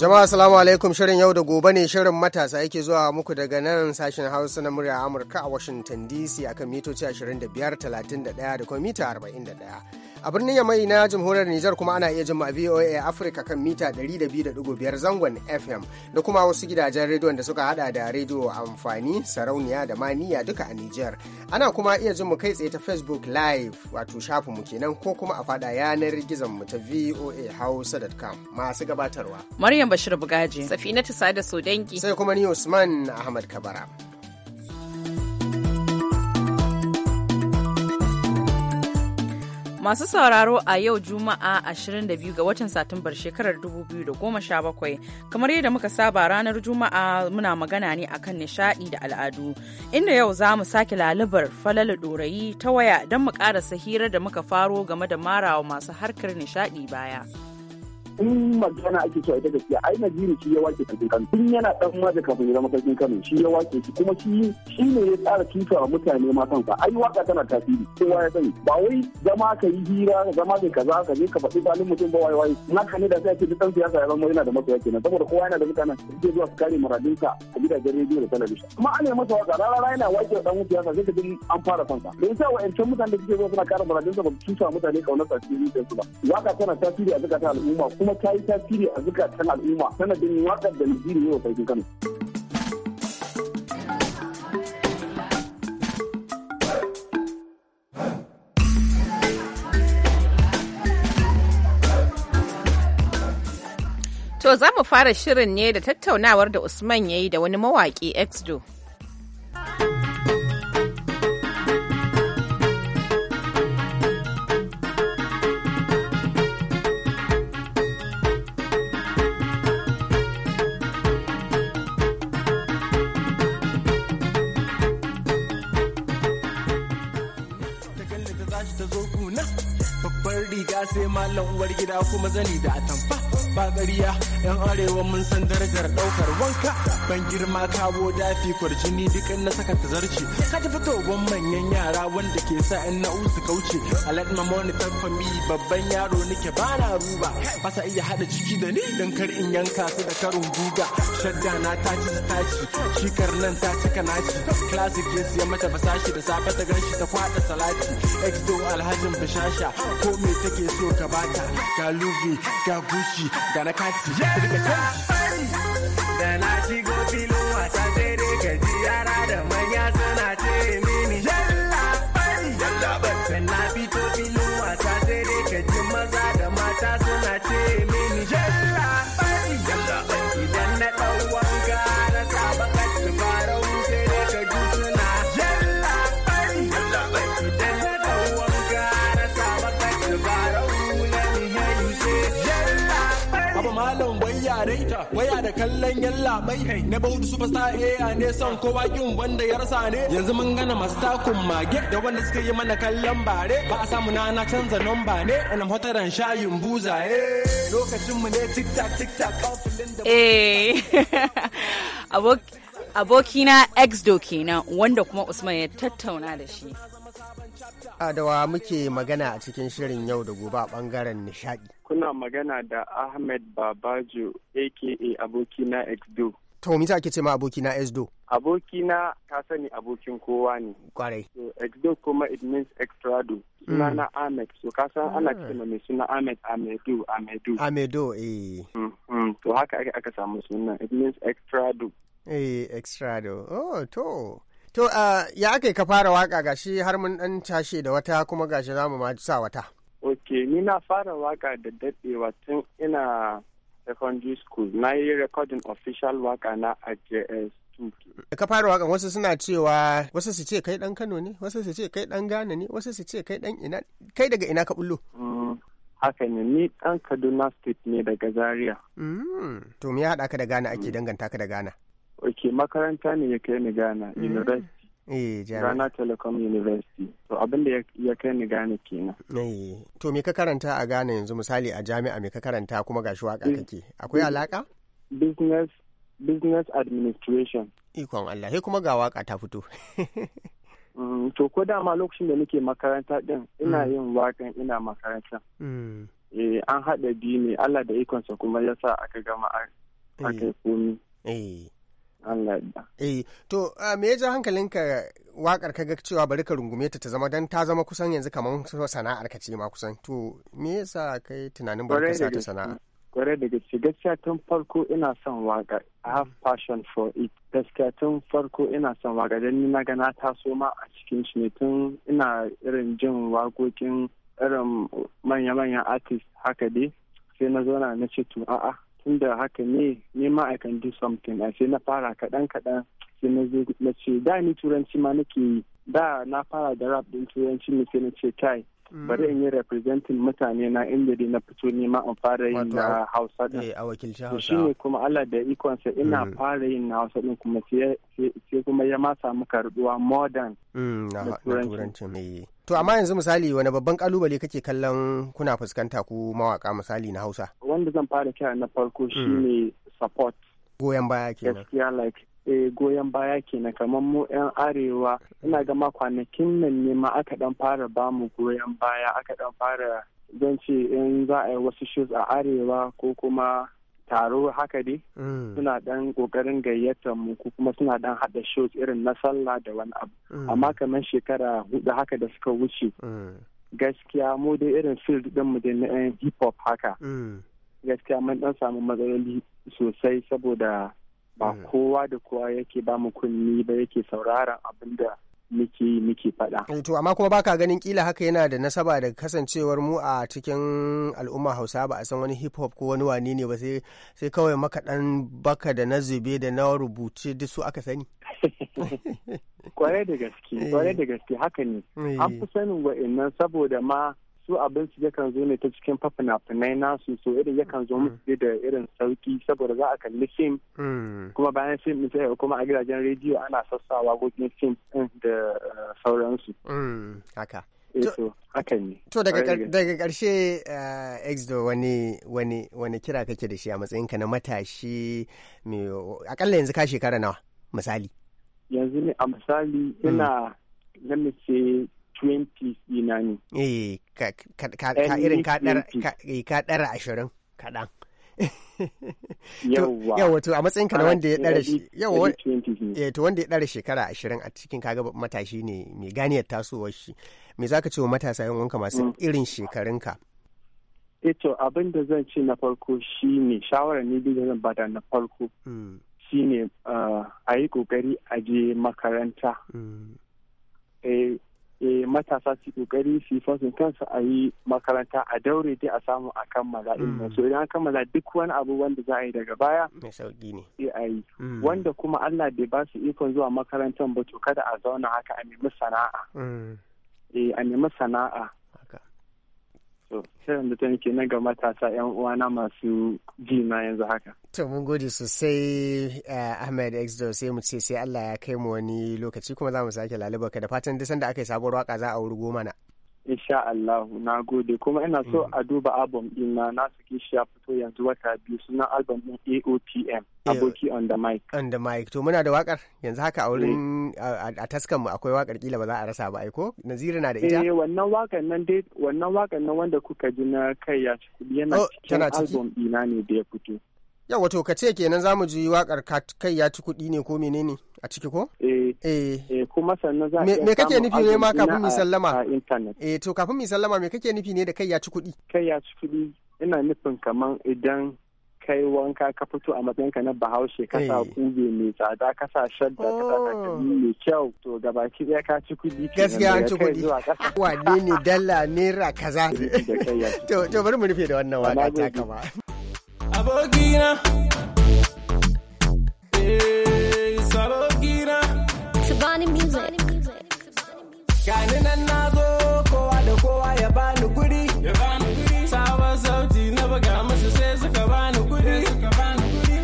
Jama'a salamu alaikum shirin yau da gobe ne shirin matasa yake zuwa muku daga nan sashen Hausa na murya Amurka a Washington DC akan mitoci 25, 31 da kuma mita 41. A birnin Yamai na jamhuriyar Nijar kuma ana iya jima VOA Africa kan mita 102.5 zangon FM da kuma wasu gidajen rediyon da suka hada da rediyo amfani sarauniya da maniya duka a Nijar. Ana kuma iya jin mu kai tsaye ta Facebook Live wato shafin mu kenan ko kuma a fada yanar gizon mu ta VOA Hausa.com masu gabatarwa. Maryam Bashir Bugaji, Safinatu Sada dangi. sai kuma ni Usman Ahmad Kabara. Masu sauraro a yau Juma'a 22 ga watan Satumbar shekarar 2017 kamar yadda muka saba ranar Juma'a muna magana ne akan nishadi da al'adu inda yau za mu sake lalubar falala dorayi ta waya don mu karasa hirar da muka faro game da marawa masu harkar nishadi baya. in magana ake cewa ita gaskiya ai Najeriya shi ya wake sarkin Kano tun yana dan maza kafin ya zama sarkin Kano shi ya wake shi kuma shi shi ne ya tsara tuta wa mutane ma kansa ai waka tana tasiri kowa ya sani ba wai zama ka yi hira zama ka kaza ka je ka faɗi balin mutum ba wai wai naka ne da sai ake dan siyasa ya zama yana da masoya kenan saboda kowa yana da mutanen da zuwa su kare muradinsa a gidajen rediyo da talabijin kuma an yi masa waka rara yana wake dan siyasa sai ka ji an fara kansa don sa wa'ancan mutane da suke zuwa suna kare muradinsa ba su tuta mutane kaunar tasiri da su ba waka tana tasiri a zakatan al'umma kuma kuma ta yi tasiri a zukatan al'umma sanadin waƙar da Nigeria yau sarkin Kano. To za mu fara shirin ne da tattaunawar da Usman ya yi da wani mawaƙi Exdo. kuma zani da atam ba yan arewa mun san darajar ɗaukar wanka ban girma kawo dafi kwarjini duk in na saka ta zarce ka tafi togon manyan yara wanda ke sa in na usu kauce alat mamoni tafami babban yaro nake ba na ruba basa iya haɗa ciki da ni dan kar in yanka su da karin guga shadda na ta ci ta ci shikar nan ta cika naci classic ya siya mata basashi da safe ta ganshi ta kwada salati ex do alhajin bishasha ko me take so ka bata ga luvi ga gushi Gonna catch you. Yeah, then I go to. dan yalla bai na baudu superstar a ne son kowa kin wanda ya rasa ne yanzu mun gana masu takun mage da wanda suka yi mana kallon bare ba a samu na na canza nomba ne ana hotaran shayin buzaye eh. lokacin mu ne tik tak tik tak abokina ex kenan wanda kuma usman ya tattauna da shi adawa ah, muke magana a cikin shirin yau da gobe a bangaren nishadi kuna magana da Ahmed Babajo aka abokina Exdo. To misa ake ce ma na Exdo? Abokina ka sani abokin kowa ne. Kwarai. So Exdo kuma it means extrado. Suna hmm. na Ahmed. So ka san ana ah. ce ma mai suna Ahmed Amedu Amedu. Amedu eh. Hmm, hmm. To haka aka samu sunan it means extrado. Eh extrado. Oh to. To ah, ya aka ka fara waka gashi har mun dan tashi da wata kuma gashi zamu ma sa wata. ok ni na fara waka da daɗewa tun ina secondary school na yi recording official waka na a js ka fara wakan wasu suna cewa wasu su ce kai dan kano ne wasu su ce kai dan ghana ne wasu su ce kai dan ina kai daga ina ka bullo mm, haka ne ni dan kaduna state ne daga zaria mm, to me ya haɗa ka da ghana ake mm. danganta ka da ghana ok makaranta ne ya kai ni ghana university Eh, Ghana Telecom University. To abin da ya kai ni gane kenan. To me ka karanta a Ghana yanzu misali a jami'a me ka karanta kuma gashi waka kake? Akwai alaka? Business Business Administration. Ikon Allah, kuma ga waka ta fito. Mm, to ko da ma lokacin da nake makaranta din ina mm. yin waka ina makaranta. Mm. Eh, an haɗa biyu ne Allah da ikonsa kuma ya sa aka gama aka yi eh. komi. Allah Eh to me ya ja hankalinka wakar ka ga cewa bari ka rungume ta ta zama dan ta zama kusan yanzu kamar sana'ar ka ce ma kusan to me yasa kai tunanin bari ka ta sana'a kwarai da gaske gaskiya tun farko ina son waka I have passion for it gaskiya tun farko ina son waka don ni na gana taso ma a cikin shi ne tun ina irin jin wakokin irin manya-manyan artist haka dai sai na zauna na ce to a'a tunda haka ne ne ma I can do something a sai na fara kaɗan kaɗan sai na zo na ce da ni turanci ma nake yi da na fara da rap din turanci ne sai na ce kai mm. bari in yi representin mutane na inda dai na fito ne ma in fara yin na hausa din eh, a wakilci hausa shi ne kuma Allah da sa ina mm. fara yin na hausa din kuma sai kuma ya ma samu karɓuwa modern mm, na turanci To amma yanzu misali wani babban kalubale kake kallon kuna fuskanta ku mawaka misali na Hausa? Wanda zan fara kira na farko mm. shine support. Goyon baya kenan. Gaskiya like eh, goyon baya kenan kamar mu 'yan arewa ina ga ma kwanakin nan ne ma aka dan fara bamu goyon baya aka dan fara zan ce in za a yi wasu shows a arewa ko kuma taro haka dai mm. suna dan kokarin gayyatar mu ko kuma suna dan hada shows irin na sallah da wani abu mm. amma kamar shekara hudu haka da suka wuce mm. gaskiya mu dai irin field din mu da na hip hop haka gaskiya mun dan samu matsaloli sosai saboda ba kowa da kowa yake ba mu kunni ba yake sauraron abin da muke miki muke faɗa. Mm, to amma kuma baka ganin kila haka yana da nasaba da kasancewar mu a cikin al'umma Hausa ba a san wani hip hop ko wani wani ne ba sai sai kawai makaɗan baka da na zube da na rubuce duk su aka sani. Kwarai da gaske, eh. kwarai da gaske haka ne. An eh. fi sanin wa'annan saboda ma su abinci yakan zo ne ta cikin fafinafinai nasu so irin yakan zo mm. musu da irin sauki saboda za a kalli fim mm. kuma bayan fim sai kuma a gidajen rediyo ana sassawa gogin fim da eh, sauransu mm. haka eh, To daga ƙarshe Exdo eh, wani wani wani kira kake da shi a matsayin ka na matashi mai akalla yanzu ka shekara nawa misali. Yanzu ne a misali ina na mace Eh, ka irin eh, ka ɗara ashirin kaɗan. Yawwa. to a matsayin ka na wanda ya ɗara yawwa eh, to wanda ya ɗara shekara ashirin a cikin kaga matashi ne mai ganiyar tasowar shi. Me ka ce wa matasa yin wanka masu mm. irin shekarun ka? eto abin da zan ce na farko ne shawara ne da zan bada na farko. Mm. shi ne ah, a yi kokari a je makaranta. Mm. Eh, matasa su kokari su yi kansu a yi makaranta a daure dai a samu a kammala ilimin mm. so idan kammala duk wani abu wanda za a yi daga baya mai sai a yi mm. wanda kuma Allah bai ba su ikon zuwa makarantar ba to kada a zauna haka a nemi sana'a mm. eh, a nemi sana'a sai da ta na ga matasa 'yan uwana masu ji na yanzu haka. To mun gode sosai eh, Ahmed Exdo sai mu ce sai Allah ya kai mu wani lokaci kuma za mu sake lalubarka da fatan duk sanda aka yi sabuwar waka za a wurgo mana. insha Allah na gode kuma ina so mm. a duba album ɗina na saki shi ya fito yanzu wata biyu sunan album din AOTM aboki on the mic on the mic to muna da wakar yanzu haka a wurin eh. a taskan mu akwai wakar kila ba za a rasa ba ai ko Nazira na da ita eh wannan wakar nan dai wannan wakar nan wanda kuka ji na kai ya yana oh, cikin album ɗina ne da ya fito yawa to ka ce kenan zamu ji wakar kai ya ci kuɗi ne ko menene a ciki ko eh eh, eh kuma sannan za a me kake nufi ne ma kafin mu sallama eh to kafin mu sallama me kake nufi ne da kai ya ci kuɗi kai ya ci kuɗi ina nufin kaman idan kai wanka ka fito a ka na bahaushe ka sa eh. kube mai tsada ka sa shadda ka sa takalmi mai kyau to gabaki ɗaya ka ci kuɗi gaskiya an ci kuɗi wane ne dala naira kaza to bari mu rufe da wannan waka ta kama abokina eh, abokina Sabani Gani nan na zo kowa da kowa ya bani guri sabon sauti na buga musu sai suka bani guri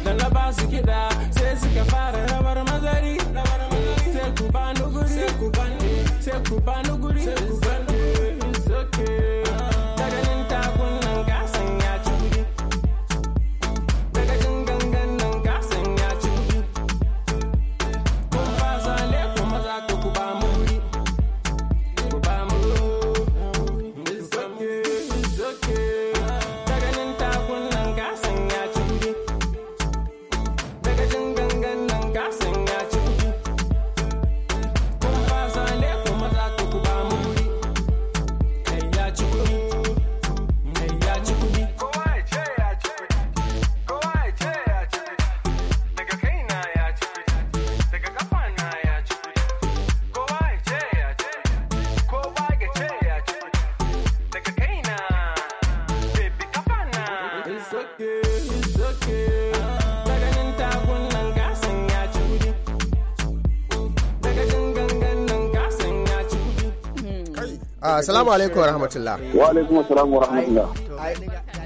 da na ba su kiɗa sai suka fara rabar mazari sai ku bani guri sai ku bani guri Assalamu alaikum wa rahmatullah. Wa alaikum assalam wa rahmatullah.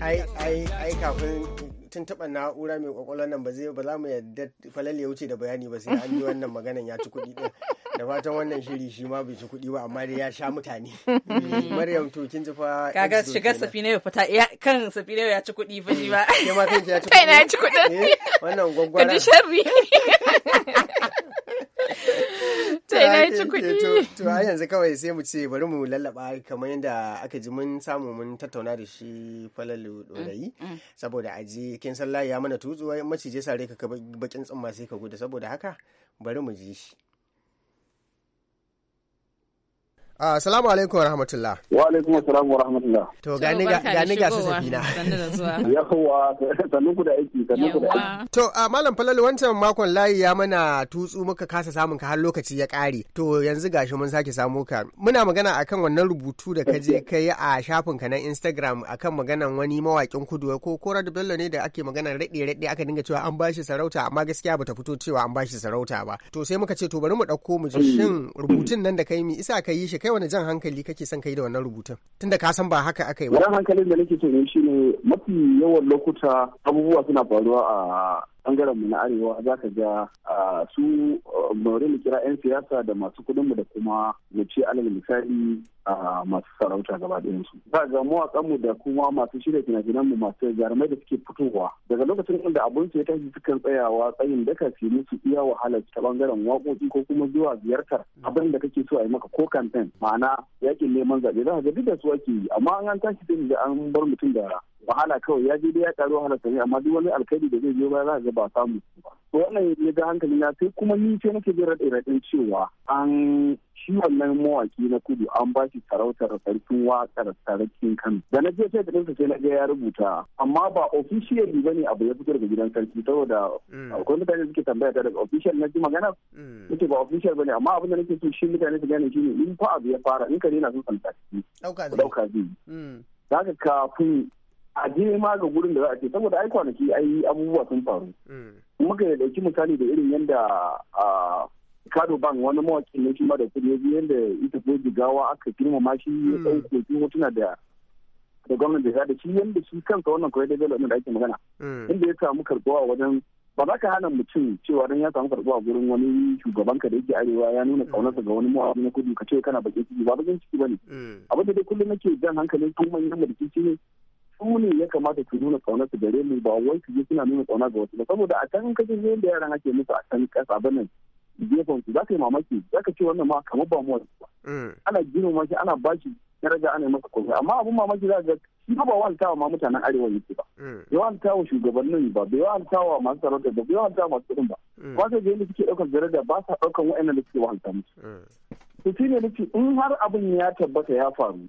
Ai ai ai kafin tun taɓa na'ura mai kwakwalwar nan ba zai ba za mu yadda falalle ya wuce da bayani ba sai an yi wannan maganan ya ci kuɗi ɗin. da fatan wannan shiri shi ma bai ci kuɗi ba amma dai ya sha mutane maryam to kin ji fa kaga shigar safinai ya fita kan safinai ya ci kuɗi ba shi ba kai ma ya ci kuɗi ya ci kuɗi eh, wannan gwaggwara kaji sharri ina ci kuɗi. To a yanzu kawai sai mu ce bari mu lallaba kamar yadda aka ji mun samu mun tattauna da shi falalu dorayi. Mm, mm. saboda a ji kin san layi ya mana tutsuwa macije sare ka bakin tsumma sai ka gudu saboda haka bari mu ji shi. Ah, Salamu alaikum wa rahmatullah. Wa alaikum wa rahmatullah. To gani ga su safina. Yawwa sannu ku da aiki sannu ku da aiki. To ah, malam Falalu wancan makon layi ya mana tutsu muka kasa samun ka har lokaci ya kare. To yanzu gashi mun sake samu ka. Muna magana akan wannan rubutu da ka kaje kai a shafin ka na Instagram akan maganan wani mawakin kudu ko Kora da Bello ne da ake magana rade rade aka dinga cewa an bashi sarauta amma gaskiya bata fito cewa an bashi sarauta ba. To sai muka ce to bari mu ɗauko mu ji mm. shin rubutun nan da kai mi isa ka yi shi kai wani jan hankali kake son kai da wannan rubutun tunda ka san ba haka aka yi ba. Jan hankalin da nake so ne shine mafi yawan lokuta abubuwa suna faruwa a bangaren mu na arewa za ka ga su maure mu kira 'yan siyasa da masu kudin mu da kuma mu ce alal misali masu sarauta gaba ɗayan su za ga mawakan mu da kuma masu shirya fina ginan mu masu jarumai da suke fitowa daga lokacin inda abun su ya tashi sukan tsayawa tsayin daka su musu iya wahala ta bangaren waƙoƙi ko kuma zuwa ziyartar abin da kake so a yi maka ko kamfen ma'ana yaƙin neman zaɓe za ka ga duk da su ake yi amma an tashi sai da an bar mutum da wahala kawai ya je dai ya karu wahala sani amma duk wani alkhairi da zai je ba za ga ba samu ba to wannan ya ga hankali na sai kuma ni ce nake jin da raɗin cewa an shi wannan mawaki na kudu an ba shi sarautar sarkin waƙar sarkin kano da na je sai da ɗinsa sai na ga ya rubuta amma ba officially ba ne abu ya fito daga gidan sarki saboda mm. akwai mutane suke tambaya ta daga official na ji magana mm. nake ba official bane amma abin da nake so shi mutane su gane shi ne in fa abu ya fara in ka na son sarki ɗauka zai yi. Mm. Zaka kafin a je ma ga gurin da za a ce saboda ai kwanaki ai abubuwa sun faru hmm. muka ya dauki misali da irin yadda kado ban wani mawaki ne shi ma da kudi ya yadda ita ko jigawa aka girmama shi ya hmm. ɗauko shi hotuna da da gwamnati da shi yadda shi kansa wannan kwaya development da ake magana hmm. inda ya samu karɓuwa wajen ba za ka hana mutum cewa dan ya samu karɓuwa gurin wani shugaban ka da yake arewa ya nuna kaunarsa ga wani mawaki na kudu ka ce kana bakin ciki ba bakin ciki ba abin da dai kullum nake jan hankalin tun manyan mulki shi ne su ne ya kamata su nuna kauna su gare mu ba wai su je suna nuna kauna ga wasu ba saboda a can kaje ne da yaran ake musu a can kasa nan gefen su ka yi mamaki ka ce wannan ma kamar ba mu wasu ba mm. ana girma shi ana bashi daraja ana yi masa komai amma abun mamaki za ga shi ba tawa ma mutanen arewa yake ba mm. bai tawa shugabannin ba bai tawa masu sarauta ba bai tawa masu kudin ba mm. ba sai ga yadda suke daukar daraja ba sa daukar wa'annan da suke wahanta musu to shi ne nufi in har abin ya tabbata ya faru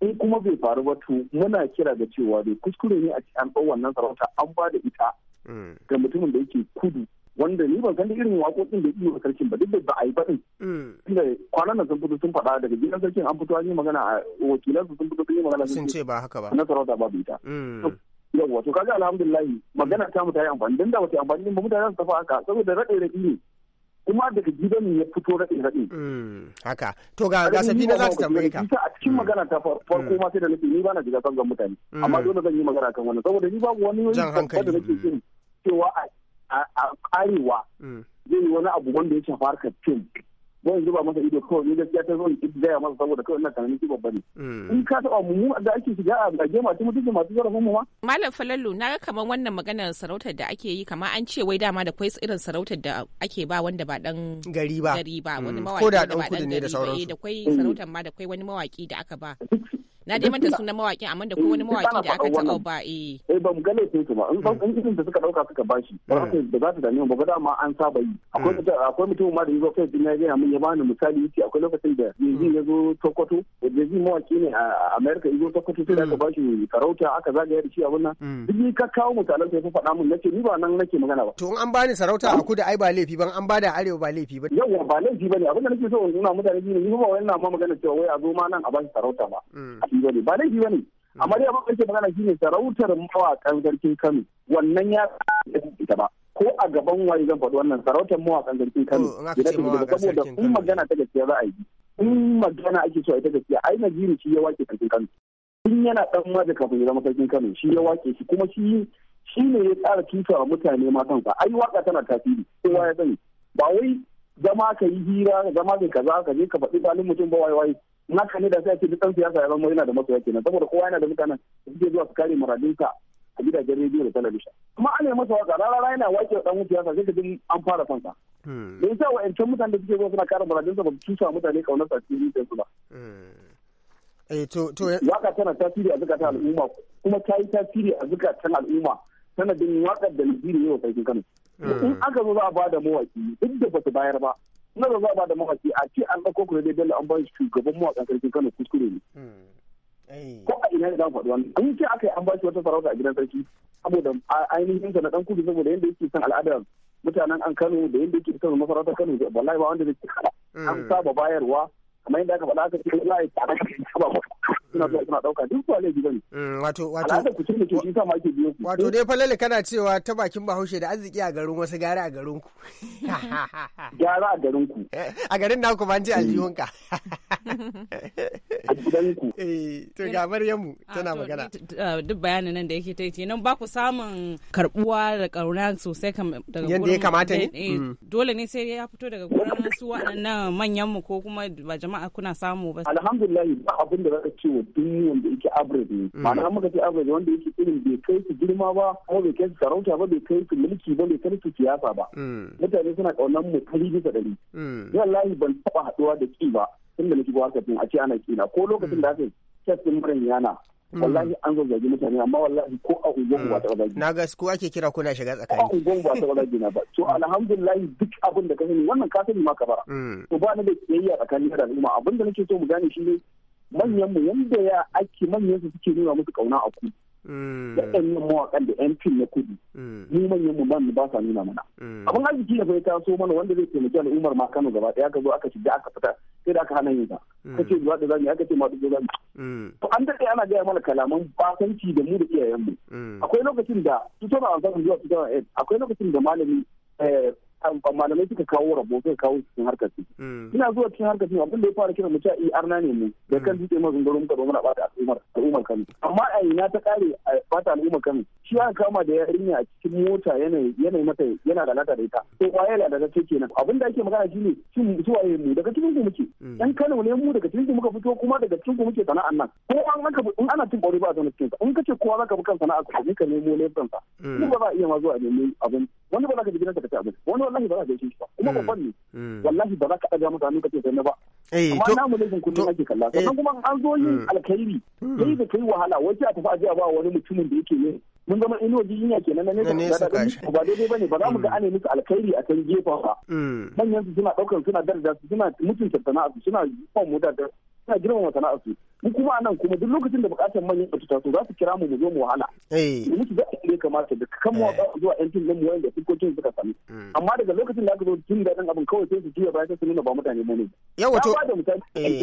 in kuma bai faru ba to muna kira da cewa dai kuskure ne a ci an ɗau wannan sarauta an ba da ita mm. ga mutumin da yake kudu wanda ni ban san da irin waƙoƙin da iya sarkin ba duk da ba a yi din mm. Tunda kwanan nan sun fito sun faɗa daga gidan sarkin an fito an yi magana a wakilansu sun fito sun yi magana sun ce ba haka ba. Na sarauta ba bai ta. Mm. Yawwa to kaga alhamdulillahi magana ta mu ta yi amfani dan da ba ta amfani ba mutane su tafi haka saboda raɗe raɗi ne. kuma daga gidan ya fito raɗin raɗin. Mm, haka, to ga ga da za ta tambaye ka. Ita a cikin mm. magana ta farko ma sai da nake ni ba na jiga sangan mutane, mm. amma dole zan yi magana kan wannan saboda ni babu wani yoyi hankali da nake cewa a karewa zai yi wani abu wanda ya shafa harkar fim zan zuba masa ido kawai ni gaskiya ta zo ni gaya masa saboda kawai ina tunanin ki babba ne mm. in ka taba mu da ake shiga a gema ta mutunci masu zarafin mu ma malam falallu na ga kamar wannan maganar sarautar da ake yi kamar an ce wai dama da kwai irin sarautar da ake ba wanda ba dan gari ba gari ba wani mm. mawaki da ba dan gari ba eh, da kwai mm. sarautar ma da kwai wani mawaki da aka ba na dai manta sunan mawaƙin amma da kowane wani eh, da aka taɓa ba eh eh ba mu ga laifin su ba in san mm. irin da suka dauka suka bashi ba da za ta dame ba da ma an saba yi akwai mm. akwai mutum ma da yazo kai din ya ga mun ya bani misali yace akwai lokacin da mm. yanzu ya zo Sokoto da yanzu mawaƙi ne a America yazo tokoto sai aka bashi sarauta aka zagaya da shi abun nan duk ka kawo mutanen sai faɗa mun nace ni ba nan nake magana ba to in an bani sarauta a kudu ai ba laifi ban an bada arewa ba laifi ba yawa ba laifi bane abin da nake so in nuna mutane ni ba wannan ma magana cewa wai a zo ma nan a bashi sarauta ba laifi bane ba laifi bane hmm. amma dai abin da magana shine sarautar mawakan sarkin Kano wannan ya ita ba ko a gaban waye zan faɗi wannan sarautar mawakan sarkin Kano saboda in magana ta gaskiya za a yi in hmm. magana ake so a ita gaskiya ai jini shi ya wake sarkin Kano in yana dan waje kafin ya zama sarkin Kano shi ya wake shi kuma shi shi ne ya tsara tuta mutane ma kansa ai waka tana tasiri kowa ya sani ba wai zama ka yi hira zama ka kaza ka je ka faɗi balin mutum ba wai wai haka ne da sai ake dukkan siyasa ya zama yana da masoya kenan saboda kowa yana da mutanen da suke zuwa su kare muradinsa a gidajen rediyo da talabijin kuma ana masa waka rarara yana wake dan wuce siyasa sai ka jin an fara fansa sa hmm. da yasa wa'ancan mutanen da suke zuwa suna kare muradinsa ba su cusa mutane kaunar sa cikin su ba hmm. eh, to to eh. waka tana tasiri a zukatan al'umma kuma ta yi tasiri a zukatan al'umma sanadin wakar da Nigeria yau sarkin Kano hmm. in aka zo za a bada mawaki duk da ba su bayar ba na da ba da mawaki a ce an ɗauko kuma dai bello an ba shugaban mawaƙan sarkin kano kuskure ne hmm. ko a ina ne za faɗi wani. an ce aka yi an ba shi wata sarauta a gidan sarki saboda ainihin sa na ɗan kudu saboda yadda yake son al'adar mutanen an kano da yadda yake son masarautar kano wallahi ba wanda zai ci hmm. an saba bayarwa kamar yadda aka faɗa aka ce za a ba tsara ba suna zuwa suna duk mm, wato wato al'adar ku cin shi sa ma ake biyo ku wato dai falale kana cewa ta bakin bahaushe da arziki a garin wasu gara a garin ku gara a garin ku eh, a garin naku ban ji aljihun ka a gidan ku eh to ga Maryamu tana ah, magana ah, duk bayanin nan da yake ta yi nan ba ku samun karbuwa da karuna sosai daga yanda ya kamata ne eh, mm. dole ne sai ya fito daga gurin su waɗannan manyan mu ko kuma ba jama'a kuna samu ba alhamdulillah ba abin da zaka ce wa sababbi wanda yake average ne mm. ma'ana muka ce average wanda yake irin bai kai su girma ba kuma bai kai su sarauta ba bai kai su mulki ba bai kai su siyasa ba mm. mutane suna kaunar mu kari bisa dari mm. wallahi ban taba haɗuwa da ki ba da na shigo harkar a ce ana kina ko lokacin da aka yi kyastin murin yana wallahi an zazzage mutane amma wallahi ko a ungon ba ta wadagi na ga ko ake kira kuna shiga tsakani ko a ungon ba ta wadagi na ba to alhamdulillah duk abin da ka sani wannan ka sani ma ka fara. to ba ni da kiyayya tsakanin da al'umma abin da nake so mu gane shi ne manyan mu yanda ya ake manyan su suke nuna musu kauna a kudu yin mm. mawaƙan da yan fim na kudu ni mm. manyan mu ban ba sa nuna mana mm. abin arziki da bai taso mana wanda zai taimaki al'ummar ma Kano gaba ɗaya ka zo aka shiga aka fita sai da aka hana yin sa ce zuwa da zani aka ce ma dubo zani to an daɗe ana gaya mana kalaman basanci da mu da iyayen mu akwai lokacin da tutar a zuwa tutar eh, akwai lokacin da malami eh, malamai suka kawo rabo suka kawo cikin harkar su hmm. ina zuwa cikin harkar su abin da ya fara kira mu ce ai arna ne mu da kan hmm. dutse mazun garo muka domin a bata al'ummar al'ummar kano amma a ina ta kare a bata al'ummar kano shi ya kama da yarinya a cikin mota yanayi mata yana da lata da ita to waye da ce kenan abin da ake magana shine shin su waye mu daga cikin ku muke hmm. yan kano ne mu daga cikin ku muka fito kuma daga cikin ku muke sana'an nan ko an aka in ana cin bauri ba a zama cikin in kace kowa zaka bi kan sana'a ka ne ka nemo sa kuma mm. ba za a iya ma zuwa nemi abin wani ba za ka ji gidansa ka ci abin wani wallahi ba za ka gaishe shi ba kuma mm. babban ne mm. wallahi ba za ka ɗaga mutane ka ce sai na ba. Eh, Amma na mu laifin kullum ake kalla eh. sannan kuma an zo yin alkhairi yayi da kai wahala wai sai a tafi a a ba wani mutumin da yake yin mun zama ino jinya kenan na nesa da da ba daidai bane ba za mu ga ana musu alkhairi a kan gefen ba manyan su suna daukar suna daraja su suna mutunta sana'a su suna son mu da suna girmama sana'ar mu kuma anan kuma duk lokacin da bukatar manyan ba su taso za su kira mu mu zo mu wahala eh. mu musu zai abin ya kamata da kan mu eh. zuwa yan tun mu wanda fuskokin suka sami hmm. amma daga lokacin da aka zo tun da abin kawai sai su juya bayan sai su nuna ba mutane mu ne ya wato eh.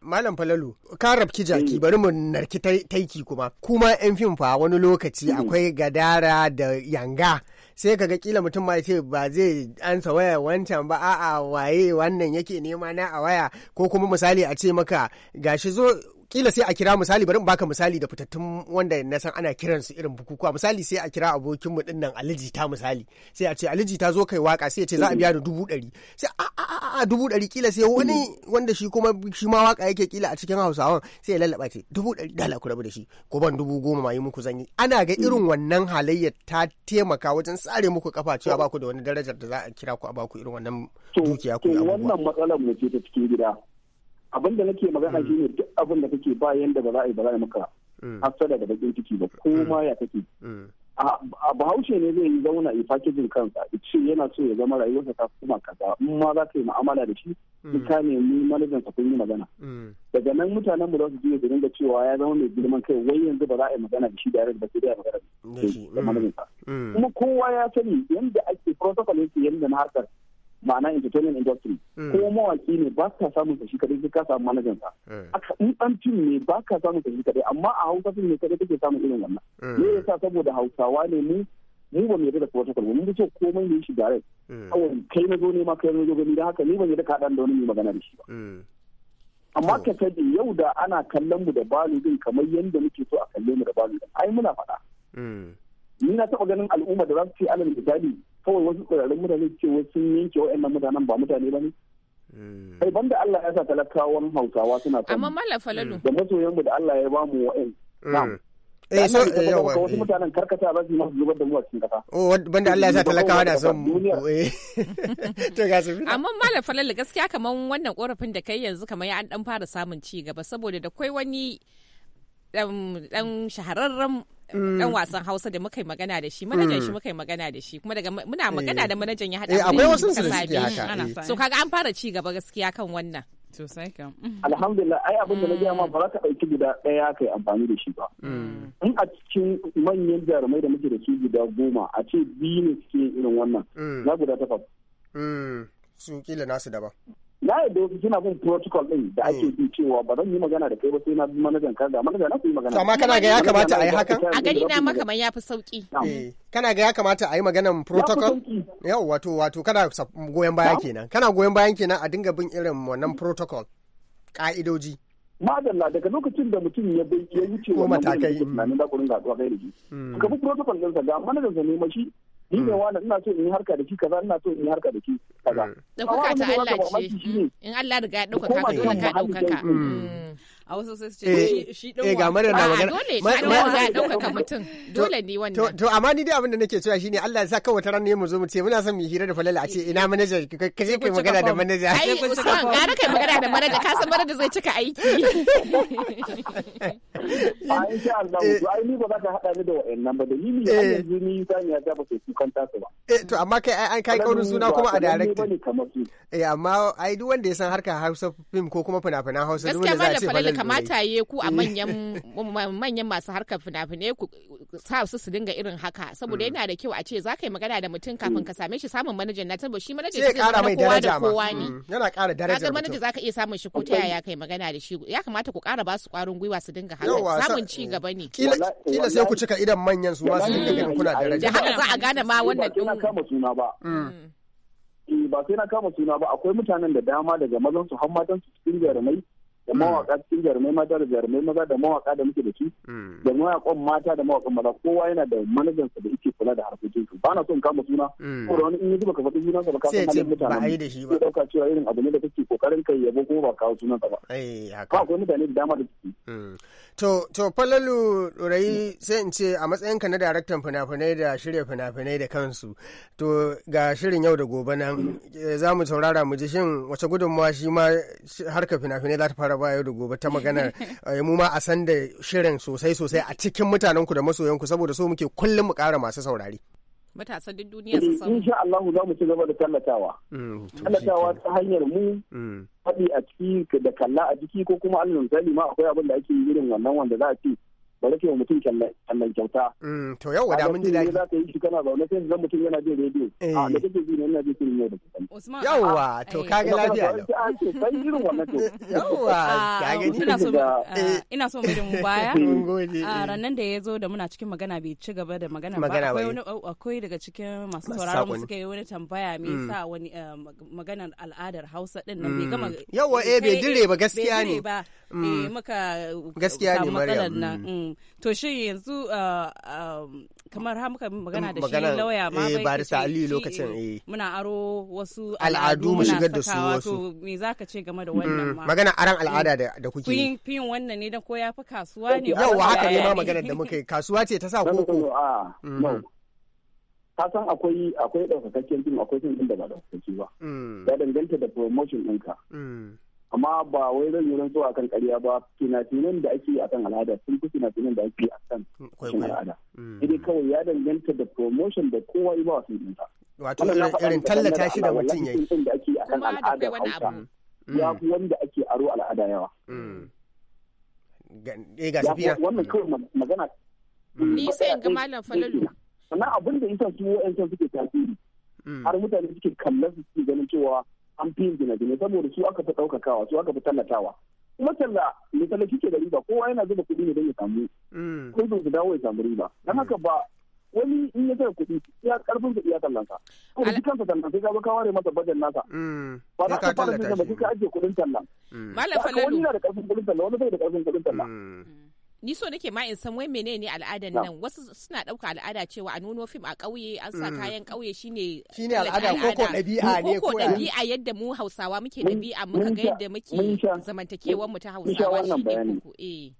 malam falalu ka rabki jaki bari mu narki taiki kuma kuma yan fim fa wani lokaci hmm. akwai gadara da yanga sai ka ga kila mutum ma ce ba zai ansa waya wancan ba a'a waye wannan yake nema na a waya ko kuma misali a ce maka gashi zo kila sai a kira misali bari in baka misali da fitattun wanda na san ana kiran su irin bukukuwa misali sai a kira abokin mu dinnan Aliji ta misali sai a ce Aliji ta zo kai waka sai ya ce za a biya da dubu ɗari sai a a a dubu ɗari kila sai wani wanda shi kuma shi ma waka yake kila a cikin Hausawan sai ya lallaba ce dubu ɗari dala ku rabu da shi ko ban dubu goma ma yi muku zan ana ga irin wannan halayyar ta taimaka wajen tsare muku kafa cewa ba ku da wani darajar da za a kira ku a ba ku irin wannan dukiya ku wannan matsalar mu ce ta cikin gida abin da nake magana hmm. shi ne duk abin da kake bayan da ba za a yi ba za a maka hmm. hasada da bakin ciki ba ko hmm. ma ya kake a bahaushe ne zai yi zauna a fakijin kansa a ce yana so ya zama rayuwarsa ta kuma kaza in ma za ka yi ma'amala da shi in ka nemi manajan sa kun yi magana daga nan mutanen mu za su je su dinga cewa ya zama mai girman kai wai yanzu ba za a yi magana da shi da ba sai dai magana da manajan sa kuma kowa ya sani yanda ake protocol yake yanda na harkar ma'ana entertainment industry hmm. ko mawaki ne ba ka samun shi kadai sai ka samu manajan sa hmm. in dan fim ne ba ka samun shi kadai amma a Hausa fim ne kadai kake samun irin wannan hmm. me yasa saboda Hausawa ne mu mu ba mu yarda da protocol mun ce komai ne shi direct kawai kai na zo ne ma kai na zo gani da haka ni ban yarda ka dan da wani magana da shi ba amma ka sani yau da ana kallon mu da balu din kamar yadda muke so a kalle mu da balu din ai muna faɗa ni na taɓa ganin al'umma da za su ce alal misali kawai wasu tsirarin mutane ce wasu yin yanke wa'annan mutanen ba mutane ba ne hmm. kai banda Allah ya sa talakawan Hausawa suna kan amma mallam falalu da masoyan mu da Allah ya ba mu wa'in hmm. na'am eh so eh, yawa wasu eh. mutanen karkata ba su ma zubar da mu a cikin kasa oh banda Allah ya sa talakawa da son mu eh. to ga su amma mallam falalu gaskiya kaman wannan korafin da kai yanzu kaman ya an dan fara samun ci gaba saboda da kai wani dan um, shahararren dan mm. wasan Hausa da muka yi magana da shi manajan shi mm. muka yi magana da shi kuma daga muna eh. magana da manajan ya hada eh, akwai wasu su suke haka eh. so kaga an fara ci gaba gaskiya kan wannan sosai kam alhamdulillah ai abin da na gaya ma ba za ka ɗauki guda ɗaya kai amfani da shi ba mm. in a cikin manyan jarumai da muke da su guda goma a ce biyu ne suke irin wannan na guda takwas su kila nasu daban na yadda wasu suna bin protocol din da ake hmm. bi cewa ba zan yi magana da kai ba sai na bi manajan ka ga manajan na ku yi magana amma kana ga ya kamata a yi haka a gani na maka mai yafi sauki eh, kana ga ya kamata a yi maganan protocol yau wato wato kana goyon baya kenan kana goyon bayan kenan a dinga bin irin wannan protocol ka'idoji madalla daga lokacin da mutum ya bai ya wuce wannan matakai na da kurin gaduwa kai da shi hmm. ka bi protocol ɗinsa ga manajansa sa ne mashi ni ne hmm. wani ina so in yi harka da ki kaza ina so in yi harka da ki kaza kuka hmm. ta Allah ce in Allah riga ya ɗaukaka ka dole ka ɗaukaka a wasu su ce eh, shi dan eh, ga dole na ah, magana dole ne a ka mutum dole ne wannan to amma ni dai abin da nake cewa shine Allah ya sa kawai wata ranar mu zo mu ce muna son mu hira da falala a ce ina manager ka je kai magana da manager ai Usman gara kai magana da manager ka san manager zai cika aiki a ah, insha Allah eh. ai ni ba za ka hada ni da wa'annan ba da ne ya yanzu ni zan ne ga ba sai kanta su ba eh to amma kai an kai kaurin suna kuma a direct eh amma ai duk wanda ya san harka Hausa film ko kuma fina-finan Hausa duk wanda za ce falala kamata ya ku a eh. manyan masu harkar fina-finai ku sa su su dinga irin haka saboda mm. yana da kyau a ce za ka yi magana da mutum kafin ka same shi samun manajan na saboda shi manajan zai kara mai daraja ne mm. yana kara daraja manajan za ka iya samun shi ko ta yaya kai magana da shi ya kamata ku kara ba su kwarin gwiwa su dinga haka samun ci gaba ne kila sai ku cika idan manyan su ma su dinga ganin kuna daraja da haka za a gane ma wannan din mm. eh, ba sai na kama suna ba akwai mutanen da dama daga mazan su har matan su cikin jarumai da mawaka cikin jarumai mata da jarumai maza da mawaka da muke da shi hmm. da mawakan mata da mawakan maza kowa yana da manajansa da yake kula da harkokin su ba na son kama suna ko hmm. da wani in yi baka faɗi suna sa ba ka san halin mutane ba da shi ba dauka cewa irin abu ne da kake kokarin kai yabo ko ba kawo suna sa ba eh haka akwai mutane da dama da suke hmm. to to falalu rai sai in ce a matsayin ka na daraktan fina-finai da shirya fina-finai da kansu to ga shirin yau da gobe nan za mu saurara mu ji shin wace gudunmawa shi ma harka fina-finai za ta fara jaraba yau da gobe ta maganar eh, mu ma a san da shirin sosai sosai a cikin mutanen ku da masoyan ku saboda so muke kullum mu kara masu saurari. Matasan duk duniya su san Insha Allah za mu ci gaba da tallatawa. Mm, tallatawa ta hanyar mu mm. faɗi a ciki da kalla a jiki ko kuma Allah misali ma akwai abin da ake yi irin wannan wanda za a ce bari ke mutum kyallan kyauta. Mm, to yau wada mun ji daɗi. Za ka yi shi kana zaune sai zan mutum yana jin rediyo. Eh. A da kake ji yana jin shirin yau da kusan. Yawwa ah, to eh. ka ga lafiya lau. An ce san irin wannan to. Yawwa ah, ka gani. Ina so ah, ina so mu baya. Mun gode. Eh. Rannan da ya zo da muna cikin magana bai ci gaba da magana ba. Akwai wani oh, akwai daga cikin masu sauraron mu suka yi wani tambaya me yasa mm. wani maganar al'adar Hausa din nan bai mm. gama. Yawwa eh bai dire ba gaskiya ne. Bai dire ba. Eh Gaskiya ne Maryam. to shi yanzu uh, um, kamar ha muka magana da shi lauya ma eh, bai barista ali lokacin eh muna aro wasu al'adu mu shigar da su wasu me zaka ce game da mm, wannan ma magana aran al'ada da kuke yin fiyin wannan ne da ko ya fi kasuwa ne yawa haka ne ma magana da muka yi kasuwa ce ta sa koko ta ah, mm. san akwai akwai ɗaukakakken fim akwai fim din da ba daukakakki ba mm. ya danganta da promotion ɗinka amma ba wai zan yi rantsuwa akan karya ba fina-finan da ake akan al'ada sun fi suna finan da ake akan kan mm, al'ada mm. idan kawai ya danganta da promotion da kowa ya ba wa sun wato irin tallata shi da mutum ya yi da ake akan al'ada hausa ya mm. fi wanda ake aro al'ada yawa ga eh, safiya wannan kawai magana ni sai ga malam falalu sannan abin da ita su wa'yan suke tasiri har mutane suke kallon su ganin cewa an fi yin gine saboda su aka fi ɗaukakawa su aka fi tallatawa kuma canza misali shi ke da riba kowa yana zuba kuɗi ne don ya samu don mm. su dawo ya samu riba don haka ba wani in ya zai kuɗi ya karfin sa iya tallansa ko da kansa tallan sai ka ba ka ware masa bajan nasa mm. ba za ka fara sai ka ajiye kuɗin tallan mm. malam falalu wani yana da ƙarfin kuɗin tallan wani zai da ƙarfin kuɗin tallan ni so nake ma in san wai menene al'adan nan wasu suna ɗauka al'ada cewa a nuno fim a ƙauye an sa mm. kayan ƙauye shine shine al'ada ko ko ɗabi'a ne ko ɗabi'a yadda mu Hausawa muke ɗabi'a muka ga yadda muke zamantakewar mu ta Hausawa shine ku eh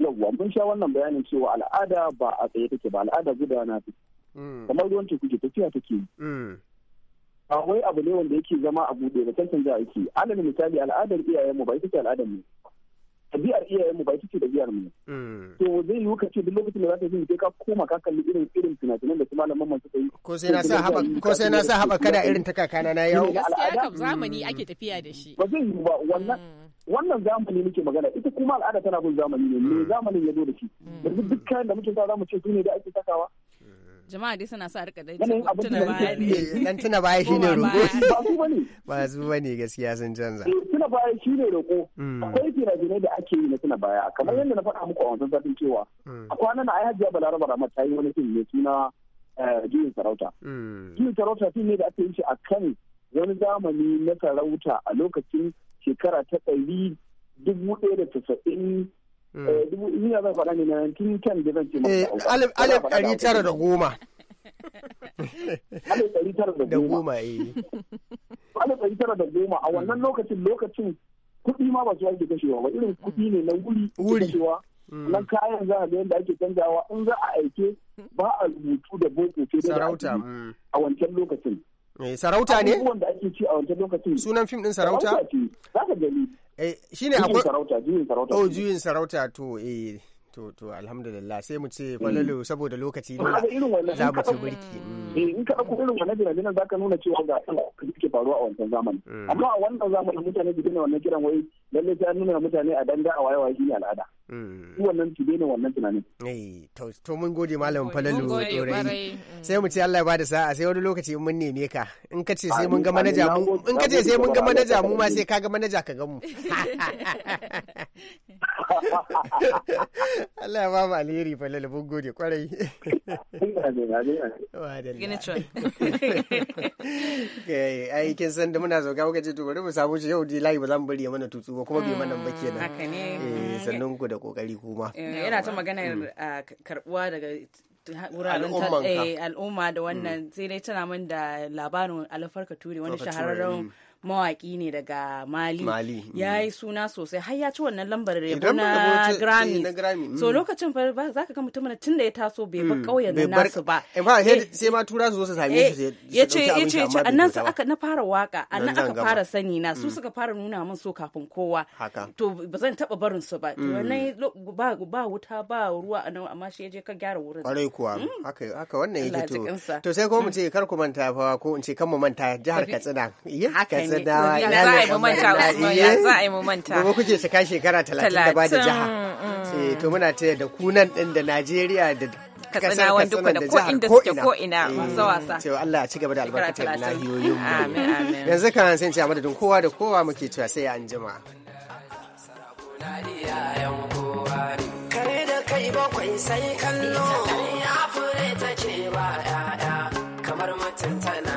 yawwa mun sha wannan bayanin cewa al'ada ba a tsaye take ba al'ada gudana take mm. kamar ruwan teku ke tafiya take mm. ba wai abu ne wanda yake zama a buɗe ba cancan za a yi alal misali al'adar iyayenmu ba ita ce al'adar mu biyar iyayenmu ba ita ce da biyar mu hmm. to zai yi ka duk lokacin da za ta yi sai ka koma ka kalli irin irin tunanin da kuma malaman suka yi ko sai na sa haba ko sai na sa haba kada irin ta kakana na yau gaskiya kam zamani ake tafiya da shi ba zai yiwu ba wannan hmm. wannan zamani muke magana ita kuma al'ada tana bin zamani ne me hmm. zamanin ya zo da shi yanzu duk kayan da muke sa za mu ce su ne da ake sakawa jama'a dai suna sa rika dai tuna baya dan tuna baya shine roƙo ba su bane gaskiya sun canza tuna baya shine roƙo hmm. akwai fina da ake yi na tuna baya kamar hmm. yadda na faɗa muku a wancan satin cewa hmm. a kwanan na ai hajiya balaraba rama ta yi wani fim mai suna eh, juyin sarauta juyin sarauta fim ne da ake yi shi kan wani zamani na sarauta a lokacin shekara ta ɗari dubu ɗaya da tasa'in Eh, Ina zan faɗa ne na 1910 da zan ce maka. Eh, alif ɗari tara da goma. Eh. Alif ɗari tara da goma. a wannan lokacin lokacin kuɗi ma ba su ake kashewa ba irin kuɗi ne na wuri kashewa. Mm. Nan kayan za a ga yadda ake canzawa in za a aike ba a rubutu da boko ce da mm. a wancan lokacin. sarauta ne? Abubuwan da ake ci a wancan lokacin. Sunan fim din sarauta? za ka gani. Eh, shine akwai juyin sarauta. Oh, juyin sarauta to eh to to alhamdulillah sai mu ce mm. falalu saboda lokaci ne za mu ci burki. Mm. Eh, in ka ɗauko irin wannan jiragen za ka nuna cewa ga ɗan suke faruwa a wancan zamani. Mm. Amma a wannan zamanin mutane su gina wannan kiran wai lallai sai an nuna mutane a danga a waye waye shine al'ada. Mm. wannan ki daina wannan tunanin eh, to to mun gode malamin falalu dorai mm. sai mu ce Allah ya bada sa'a sai wani lokaci mun neme ka in ka ce sai mun ga manaja mu in ka ce sai mun ga manaja mu ma sai ka ga manaja ka gamu. mu Allah ya ba mu alheri falalu mun gode kwarai eh, ai kin san da muna zauka muka ce to bari mu samu shi yau dai layi ba za mu bari ya mana tutsu ba kuma bai mana ba mm, kenan haka ne eh, sannan ku da kokari kuma eh, yana ta maganar mm. ah, karbuwa daga wuraren eh, al'umma da wannan mm. sai dai tana min da labarin alfarka ture wani shahararren mm. mawaki ne daga mali, mali. Mm. ya yi suna sosai har ya ci wannan lambar rebo eh, na grammy mm. so lokacin fa ba za ka ga mutumin tun da ya taso bai bar mm. ƙauyen na nasu ba eh, eh, sai ma tura su zo su same shi ya ce ya ce a nan aka na fara waka a nan aka fara sani na su mm. suka fara nuna min so kafin kowa to ba zan taba barin su ba mm. wannan ba wuta ba ruwa a nan amma shi ya je ka gyara wurin kwarai kuwa haka wannan yake to to sai kuma mu ce kar ku manta fa ko in ce kan mu manta jihar Katsina haka ne za a yi mu manta usman eh. ya za a yi mu manta gobe kuke cika shekara talatin da ba da jiha mm, eh, mm. to muna taya da kunan din da najeriya da katsinawan duka da ko inda suke ko ina eh, masu wasa. Cewa Allah ya ci gaba da albarkatar lahiyoyin mu. Yanzu kan sai ce madadin kowa da kowa muke cewa sai an jima. Kare da kai bakwai sai kallo. Ita ya fure ta ce ba 'ya'ya kamar mutum tana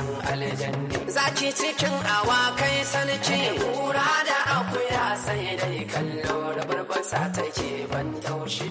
san aljanni zaki cikin awa awakai sanci kura da akuya sai dai kallo da barbasa take ban taushi